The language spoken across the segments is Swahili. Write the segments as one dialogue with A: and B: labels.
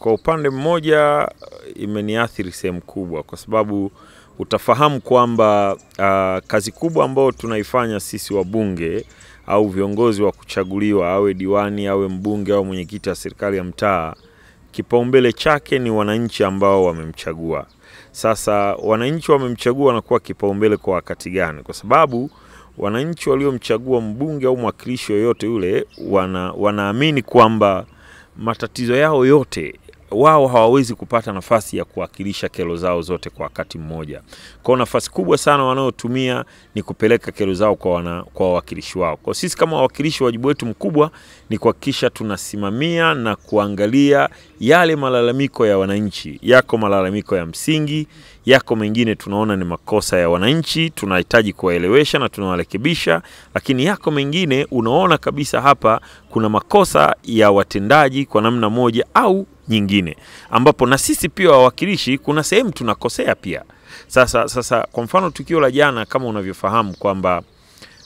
A: Kwa upande mmoja eh, imeniathiri sehemu kubwa, kwa sababu utafahamu kwamba uh, kazi kubwa ambayo tunaifanya sisi wabunge au viongozi wa kuchaguliwa, awe diwani, awe mbunge au mwenyekiti wa serikali ya mtaa, kipaumbele chake ni wananchi ambao wamemchagua. Sasa wananchi wamemchagua wanakuwa kipaumbele kwa wakati gani? Kwa sababu wananchi waliomchagua mbunge au mwakilishi yoyote yule wana, wanaamini kwamba matatizo yao yote wao hawawezi kupata nafasi ya kuwakilisha kero zao zote kwa wakati mmoja. Kwa nafasi kubwa sana wanayotumia ni kupeleka kero zao kwa wana, kwa wawakilishi wao. Kwa sisi kama wawakilishi, wajibu wetu mkubwa ni kuhakikisha tunasimamia na kuangalia yale malalamiko ya wananchi. Yako malalamiko ya msingi, yako mengine tunaona ni makosa ya wananchi, tunahitaji kuwaelewesha na tunawarekebisha, lakini yako mengine unaona kabisa hapa kuna makosa ya watendaji kwa namna moja au nyingine, ambapo na sisi pia wawakilishi kuna sehemu tunakosea pia. Sasa, sasa kwa mfano tukio la jana kama unavyofahamu kwamba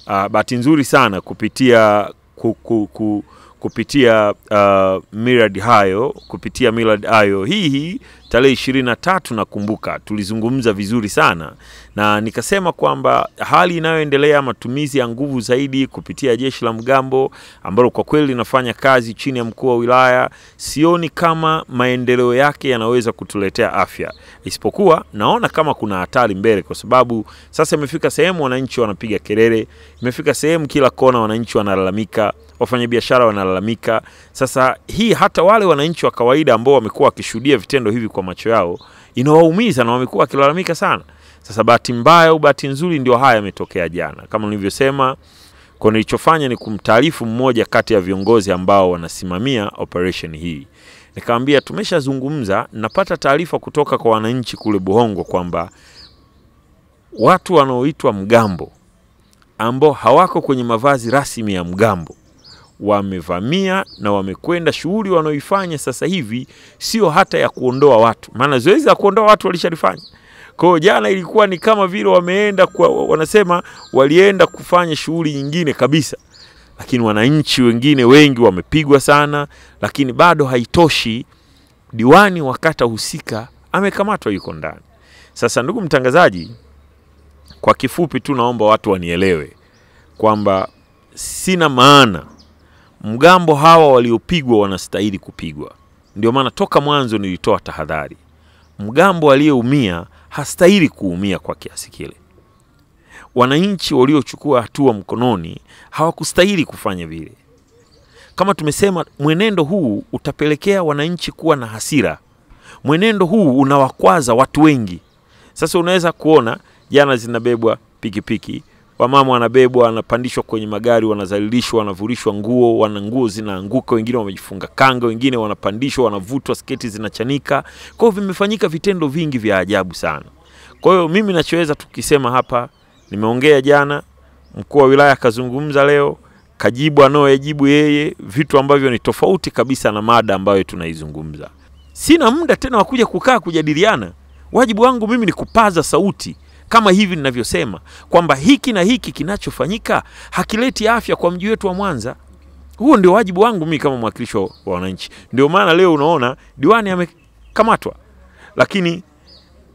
A: uh, bahati nzuri sana kupitia ku, ku, ku, kupitia uh, ah, mirad hayo kupitia mirad hayo hii hii tarehe ishirini na tatu nakumbuka tulizungumza vizuri sana na nikasema kwamba hali inayoendelea matumizi ya nguvu zaidi kupitia jeshi la mgambo ambalo kwa kweli linafanya kazi chini ya mkuu wa wilaya, sioni kama maendeleo yake yanaweza kutuletea afya, isipokuwa naona kama kuna hatari mbele, kwa sababu sasa imefika sehemu wananchi wanapiga kelele, imefika sehemu kila kona wananchi wanalalamika, wafanyabiashara wanalalamika. Sasa hii hata wale wananchi wa kawaida ambao wamekuwa wakishuhudia vitendo hivi kwa macho yao inawaumiza na wamekuwa wakilalamika sana. Sasa bahati mbaya au bahati nzuri, ndio haya yametokea jana, kama nilivyosema. Kwa nilichofanya ni kumtaarifu mmoja kati ya viongozi ambao wanasimamia operation hii, nikamwambia tumeshazungumza, napata taarifa kutoka kwa wananchi kule Buhongo kwamba watu wanaoitwa mgambo ambao hawako kwenye mavazi rasmi ya mgambo wamevamia na wamekwenda. Shughuli wanaoifanya sasa hivi sio hata ya kuondoa watu, maana zoezi la kuondoa watu walishalifanya. Kwa jana ilikuwa ni kama vile wameenda kwa, wanasema walienda kufanya shughuli nyingine kabisa, lakini wananchi wengine wengi wamepigwa sana, lakini bado haitoshi. Diwani wa kata husika amekamatwa, yuko ndani. Sasa ndugu mtangazaji, kwa kifupi tu naomba watu wanielewe kwamba sina maana mgambo hawa waliopigwa wanastahili kupigwa. Ndio maana toka mwanzo nilitoa tahadhari, mgambo aliyeumia hastahili kuumia kwa kiasi kile. Wananchi waliochukua hatua mkononi hawakustahili kufanya vile. Kama tumesema, mwenendo huu utapelekea wananchi kuwa na hasira. Mwenendo huu unawakwaza watu wengi. Sasa unaweza kuona jana zinabebwa pikipiki piki wamama wanabebwa, wanapandishwa kwenye magari, wanazalilishwa, wanavurishwa nguo, wana nguo zinaanguka, wengine wamejifunga kanga, wengine wanapandishwa, wanavutwa, sketi zinachanika. Kwa vimefanyika vitendo vingi vya ajabu sana. Kwa hiyo mimi nachoweza tukisema hapa, nimeongea jana, mkuu wa wilaya akazungumza leo, kajibu anaoyajibu yeye, vitu ambavyo ni tofauti kabisa na mada ambayo tunaizungumza. Sina muda tena wa kuja kukaa kujadiliana. Wajibu wangu mimi ni kupaza sauti kama hivi ninavyosema kwamba hiki na hiki kinachofanyika hakileti afya kwa mji wetu wa Mwanza. Huo ndio wajibu wangu mimi kama mwakilisho wa wananchi. Ndio maana leo unaona diwani amekamatwa, lakini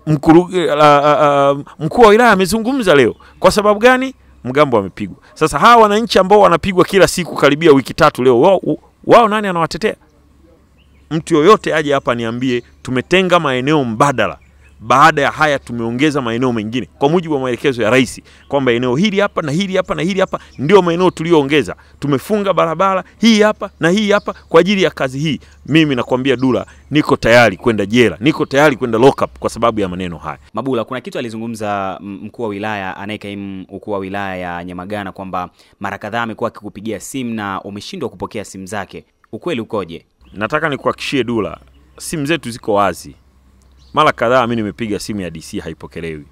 A: mkuru, uh, uh, mkuu wa wilaya amezungumza leo. Kwa sababu gani? Mgambo amepigwa. Sasa hawa wananchi ambao wanapigwa kila siku karibia wiki tatu leo, wao, wao nani anawatetea? Mtu yoyote aje hapa niambie, tumetenga maeneo mbadala baada ya haya tumeongeza maeneo mengine kwa mujibu wa maelekezo ya rais, kwamba eneo hili hapa na hili hapa na hili hapa ndio maeneo tuliyoongeza. Tumefunga barabara hii hapa na hii hapa kwa ajili ya kazi hii. Mimi nakwambia Dula, niko tayari kwenda jela, niko tayari kwenda lockup kwa sababu ya maneno haya. Mabula, kuna kitu alizungumza mkuu wa wilaya anayekaimu ukuu wa wilaya ya Nyamagana kwamba mara kadhaa amekuwa akikupigia simu na umeshindwa kupokea simu zake. Ukweli ukoje?
B: Nataka nikuhakishie Dula, simu zetu ziko wazi. Mara kadhaa mi nimepiga simu ya DC haipokelewi,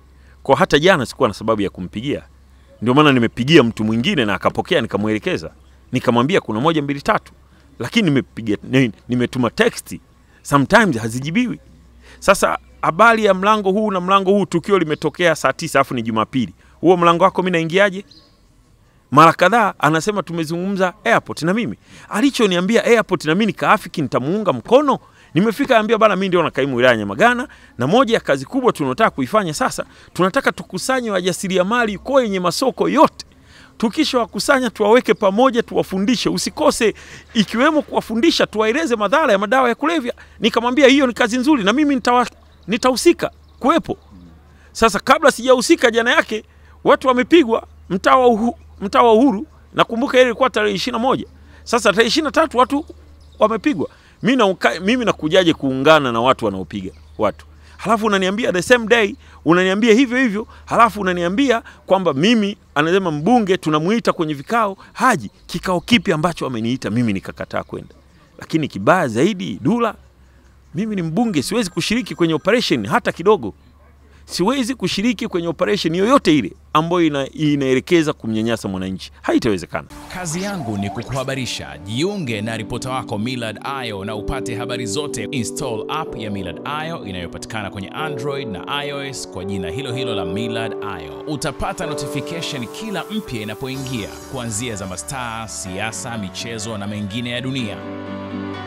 B: kwa hata jana sikuwa na sababu ya kumpigia, ndio maana nimepigia mtu mwingine na akapokea, nikamwelekeza, nikamwambia kuna moja mbili tatu, lakini nimepiga nimetuma teksti sometimes hazijibiwi. Sasa habari ya mlango huu na mlango huu, tukio limetokea saa tisa afu ni Jumapili, huo mlango wako mi naingiaje? mara kadhaa anasema tumezungumza airport, na mimi alichoniambia airport, na mimi nikaafiki nitamuunga mkono Nimefika ambia bana, mimi ndio na kaimu wilaya Nyamagana, na moja ya kazi kubwa tunataka kuifanya sasa, tunataka tukusanye wajasiriamali yenye masoko yote wakusanya tuwaweke pamoja, tuwafundishe, usikose, ikiwemo kuwafundisha, tuwaeleze madhara ya madawa ya kulevya. Nikamwambia hiyo ni kazi nzuri, na mimi nitahusika kuwepo. Sasa kabla sijahusika, jana yake watu wamepigwa mtaa wa Uhuru, mtaa wa Uhuru. Nakumbuka ile ilikuwa tarehe ishirini na moja. Sasa tarehe ishirini na tatu watu wamepigwa mimi na mimi nakujaje kuungana na watu wanaopiga watu halafu unaniambia the same day unaniambia hivyo hivyo, halafu unaniambia kwamba mimi, anasema mbunge tunamuita kwenye vikao, haji. Kikao kipi ambacho ameniita mimi nikakataa kwenda? Lakini kibaya zaidi, Dula, mimi ni mbunge, siwezi kushiriki kwenye operation hata kidogo siwezi kushiriki kwenye operation yoyote ile ambayo ina, inaelekeza kumnyanyasa mwananchi, haitawezekana.
C: Kazi yangu ni kukuhabarisha. Jiunge na ripota wako Millard Ayo na upate habari zote. Install app ya Millard Ayo inayopatikana kwenye Android na iOS kwa jina hilo hilo la Millard Ayo. Utapata notification kila mpya inapoingia, kuanzia za mastaa, siasa, michezo na mengine ya dunia.